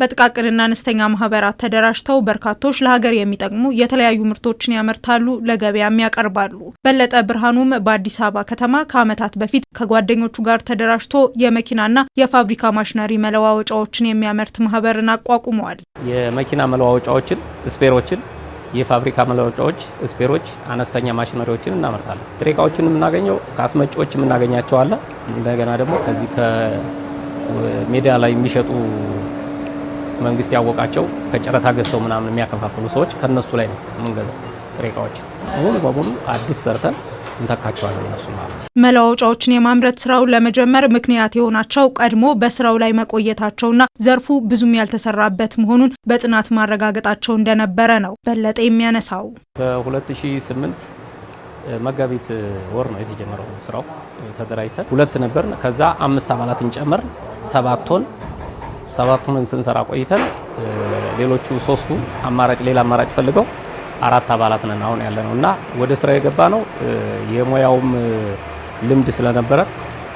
በጥቃቅንና አነስተኛ ማህበራት ተደራጅተው በርካቶች ለሀገር የሚጠቅሙ የተለያዩ ምርቶችን ያመርታሉ፣ ለገበያም ያቀርባሉ። በለጠ ብርሃኑም በአዲስ አበባ ከተማ ከዓመታት በፊት ከጓደኞቹ ጋር ተደራጅቶ የመኪናና የፋብሪካ ማሽነሪ መለዋወጫዎችን የሚያመርት ማህበርን አቋቁመዋል። የመኪና መለዋወጫዎችን፣ ስፔሮችን፣ የፋብሪካ መለዋወጫዎች፣ ስፔሮች፣ አነስተኛ ማሽነሪዎችን እናመርታለን። ጥሬ እቃዎችን የምናገኘው ከአስመጪዎች የምናገኛቸዋለን። እንደገና ደግሞ ከዚህ ከሜዳ ላይ የሚሸጡ መንግስት ያወቃቸው ከጨረታ ገዝተው ምናምን የሚያከፋፍሉ ሰዎች ከነሱ ላይ ነው የምንገዛው ጥሬ እቃዎችን ሙሉ በሙሉ አዲስ ሰርተን እንተካቸዋለን። እነሱ መለዋወጫዎችን የማምረት ስራውን ለመጀመር ምክንያት የሆናቸው ቀድሞ በስራው ላይ መቆየታቸውና ዘርፉ ብዙም ያልተሰራበት መሆኑን በጥናት ማረጋገጣቸው እንደነበረ ነው በለጠ የሚያነሳው። በ2008 መጋቢት ወር ነው የተጀመረው ስራው። ተደራጅተን ሁለት ነበር፣ ከዛ አምስት አባላትን ጨምር ሰባት ቶን ሰባቱን ስንሰራ ቆይተን ሌሎቹ ሶስቱ አማራጭ ሌላ አማራጭ ፈልገው አራት አባላት ነን አሁን ያለ ነው እና ወደ ስራ የገባ ነው። የሙያውም ልምድ ስለነበረ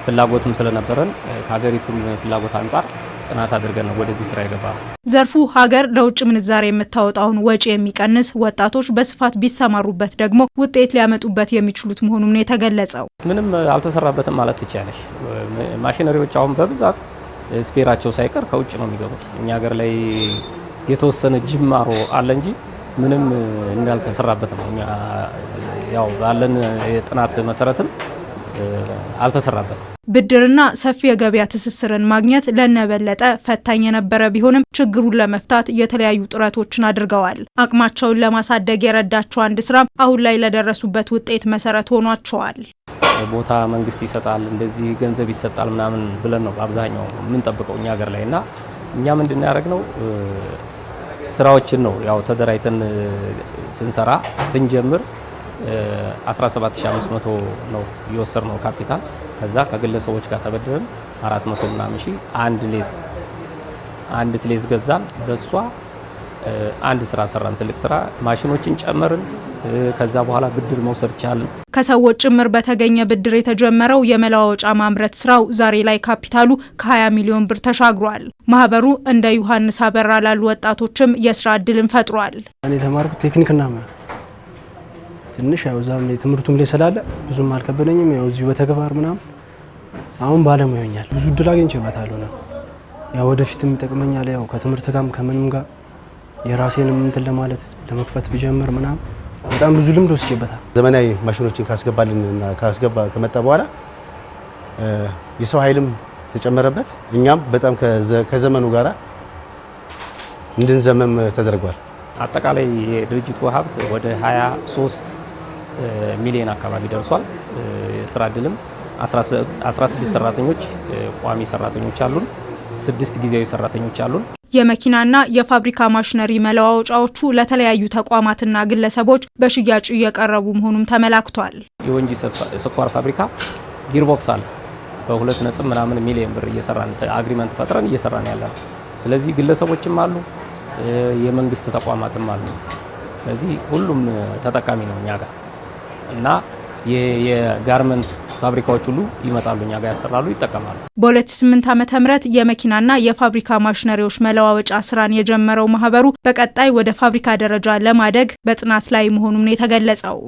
ፍላጎትም ስለነበረን ከሀገሪቱም ፍላጎት አንጻር ጥናት አድርገን ነው ወደዚህ ስራ የገባ ነው። ዘርፉ ሀገር ለውጭ ምንዛሬ የምታወጣውን ወጪ የሚቀንስ ወጣቶች በስፋት ቢሰማሩበት ደግሞ ውጤት ሊያመጡበት የሚችሉት መሆኑን ነው የተገለጸው። ምንም አልተሰራበትም ማለት ትችያለሽ። ማሽነሪዎች አሁን በብዛት ስፔራቸው ሳይቀር ከውጭ ነው የሚገቡት። እኛ ሀገር ላይ የተወሰነ ጅማሮ አለ እንጂ ምንም እንዳልተሰራበት ነው። ያው ባለን የጥናት መሰረትም አልተሰራበትም። ብድርና ሰፊ የገበያ ትስስርን ማግኘት ለነበለጠ ፈታኝ የነበረ ቢሆንም ችግሩን ለመፍታት የተለያዩ ጥረቶችን አድርገዋል። አቅማቸውን ለማሳደግ የረዳቸው አንድ ስራ አሁን ላይ ለደረሱበት ውጤት መሰረት ሆኗቸዋል። ቦታ መንግስት ይሰጣል፣ እንደዚህ ገንዘብ ይሰጣል ምናምን ብለን ነው በአብዛኛው የምንጠብቀው እኛ ሀገር ላይ እና እኛ ምንድን ነው ያደረግነው ስራዎችን ነው ያው ተደራጅተን ስንሰራ ስንጀምር 17500 ነው ነው ካፒታል። ከዛ ከግለሰቦች ጋር ተበድረን 400 ምናምን ሺ አንድ ሌዝ አንድ ትሌዝ ገዛን በእሷ አንድ ስራ ሰራን፣ ትልቅ ስራ ማሽኖችን ጨመርን። ከዛ በኋላ ብድር መውሰድ ቻልን። ከሰዎች ጭምር በተገኘ ብድር የተጀመረው የመለዋወጫ ማምረት ስራው ዛሬ ላይ ካፒታሉ ከ20 ሚሊዮን ብር ተሻግሯል። ማህበሩ እንደ ዮሐንስ አበራ ላሉ ወጣቶችም የስራ እድልን ፈጥሯል። እኔ ተማርኩ ቴክኒክና ሙያ ትንሽ ያው እዛ ትምህርቱም ላይ ስላለ ብዙም አልከበደኝም። ያው እዚሁ በተግባር ምናምን አሁን ባለሙያ ሆኛል። ብዙ እድል አግኝቼበታለሁ። ያው ወደፊትም ይጠቅመኛል። ያው ከትምህርት ጋርም ከምንም ጋር የራሴንም እንትን ለማለት ለመክፈት ብጀምር ምናምን በጣም ብዙ ልምድ ወስጄበታል። ዘመናዊ ማሽኖችን ካስገባልን እና ካስገባ ከመጣ በኋላ የሰው ኃይልም ተጨመረበት። እኛም በጣም ከዘመኑ ጋር እንድንዘመም ተደርጓል። አጠቃላይ የድርጅቱ ሀብት ወደ 23 ሚሊዮን አካባቢ ደርሷል። የስራ እድልም 16 ሰራተኞች ቋሚ ሰራተኞች አሉን፣ ስድስት ጊዜያዊ ሰራተኞች አሉን። የመኪናና የፋብሪካ ማሽነሪ መለዋወጫዎቹ ለተለያዩ ተቋማትና ግለሰቦች በሽያጭ እየቀረቡ መሆኑም ተመላክቷል። የወንጂ ስኳር ፋብሪካ ጊርቦክስ አለ በሁለት ነጥብ ምናምን ሚሊዮን ብር እየሰራን አግሪመንት ፈጥረን እየሰራን ያለ ነው። ስለዚህ ግለሰቦችም አሉ፣ የመንግስት ተቋማትም አሉ። ስለዚህ ሁሉም ተጠቃሚ ነው እኛ ጋር እና የጋርመንት ፋብሪካዎች ሁሉ ይመጣሉ እኛ ጋር ያሰራሉ፣ ይጠቀማሉ። በ2008 ዓ ም የመኪናና የፋብሪካ ማሽነሪዎች መለዋወጫ ስራን የጀመረው ማህበሩ በቀጣይ ወደ ፋብሪካ ደረጃ ለማደግ በጥናት ላይ ነው የተገለጸው